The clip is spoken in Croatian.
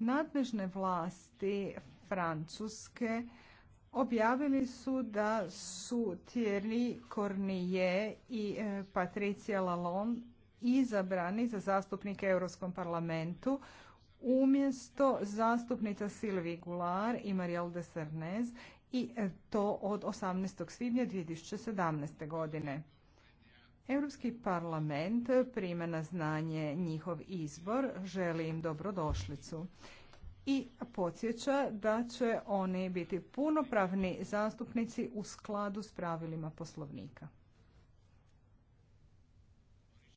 Nadležne vlasti Francuske objavili su da su Thierry Cornier i e, Patricia Lalonde izabrani za zastupnike Europskom parlamentu umjesto zastupnica Sylvie Goulard i Marielle de Sarnez i e, to od 18. svibnja 2017. godine. Europski parlament prima na znanje njihov izbor, želi im dobrodošlicu i podsjeća da će oni biti punopravni zastupnici u skladu s pravilima poslovnika.